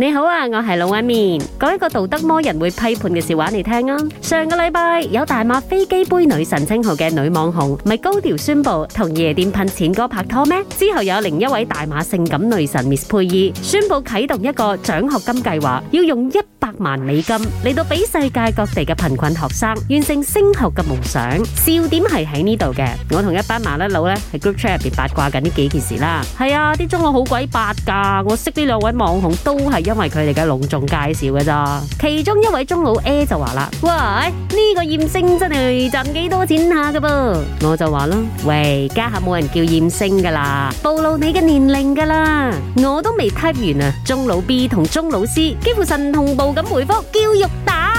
你好啊，我係老威面，講一個道德魔人會批判嘅笑話嚟聽啊。上個禮拜有大馬飛機杯女神稱號嘅女網紅，咪高調宣布同夜店噴錢哥拍拖咩？之後有另一位大馬性感女神 Miss 佩爾宣布啟動一個獎學金計劃，要用一百萬美金嚟到俾世界各地嘅貧困學生完成升學嘅夢想。笑點係喺呢度嘅，我同一班麻甩佬咧喺 group chat 入邊八卦緊呢幾件事啦。係啊，啲中佬好鬼八噶，我識呢兩位網紅都係因為佢哋嘅隆重介紹嘅咋，其中一位中老 A 就話啦，哇，呢個艷星真係賺幾多錢下嘅噃。我就話啦，喂，家下冇人叫艷星噶啦，暴露你嘅年齡噶啦，我都未 type 完啊。中老 B 同中老 C 幾乎神同步咁回覆，叫肉彈。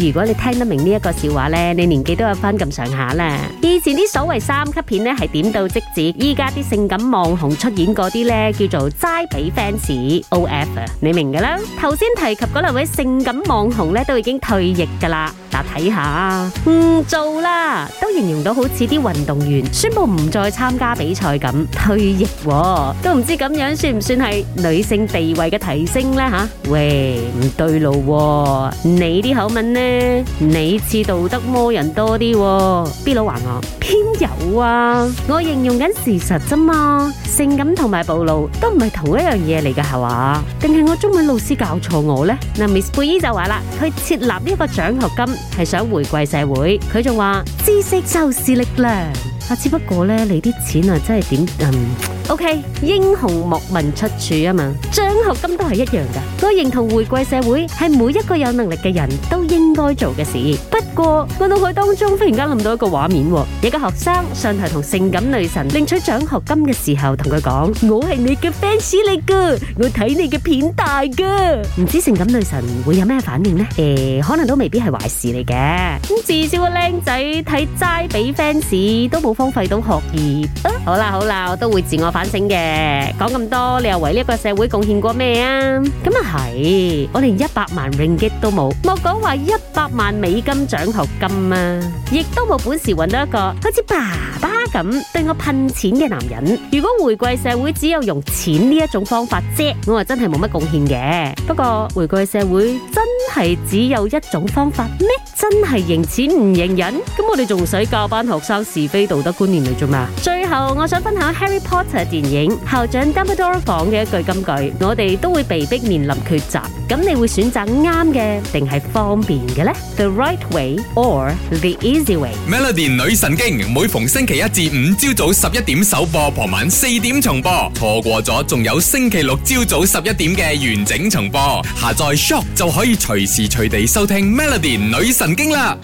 如果你聽得明呢一個笑話咧，你年紀都有翻咁上下啦。以前啲所謂三級片咧係點到即止，依家啲性感網紅出演嗰啲呢，叫做齋俾 fans of 啊，f, 你明噶啦。頭先提及嗰兩位性感網紅呢，都已經退役噶啦，嗱睇下，唔做啦，都形容,容到好似啲運動員宣布唔再參加比賽咁退役，都唔知咁樣算唔算係女性地位嘅提升呢？吓？喂，唔對路，你啲我問呢，你似道德魔人多啲？B 佬話我？偏有啊！我形容緊事實啫嘛，性感同埋暴露都唔係同一樣嘢嚟噶，係嘛？定係我中文老師教錯我咧？嗱，Miss 貝姨就話啦，佢設立呢一個獎學金係想回饋社會，佢仲話知識就是力量。啊，只不過咧，你啲錢啊，真係點？嗯 O、okay, K，英雄莫問出處啊嘛，獎學金都係一樣噶。我認同回饋社會係每一個有能力嘅人都應該做嘅事，不過我腦海當中忽然間諗到一個畫面，有個學生上台同性感女神領取獎學金嘅時候，同佢講：我係你嘅 fans 嚟噶，我睇你嘅片大噶。唔知性感女神會有咩反應呢？誒、欸，可能都未必係壞事嚟嘅。咁至少個靚仔睇齋俾 fans 都冇荒廢到學業。啊、好啦好啦，我都會自我反省嘅。講咁多，你又為呢一個社會貢獻過咩啊？咁啊係，我連說說一百萬 Ringgit 都冇，莫講話一。百萬美金獎學金啊，亦都冇本事搵到一個好似爸爸咁對我噴錢嘅男人。如果回饋社會只有用錢呢一種方法啫，我話真係冇乜貢獻嘅。不過回饋社會真係只有一種方法咩？真係認錢唔認人，咁我哋仲使教班學生是非道德觀念嚟做咩？最。我想分享《Harry Potter》電影校長 Dumbledore 講嘅一句金句：我哋都會被逼面臨抉擇，咁你會選擇啱嘅定係方便嘅呢？The right way or the easy way？Melody 女神經每逢星期一至五朝早十一點首播，傍晚四點重播，錯過咗仲有星期六朝早十一點嘅完整重播。下載 Shop 就可以隨時隨地收聽 Melody 女神經啦。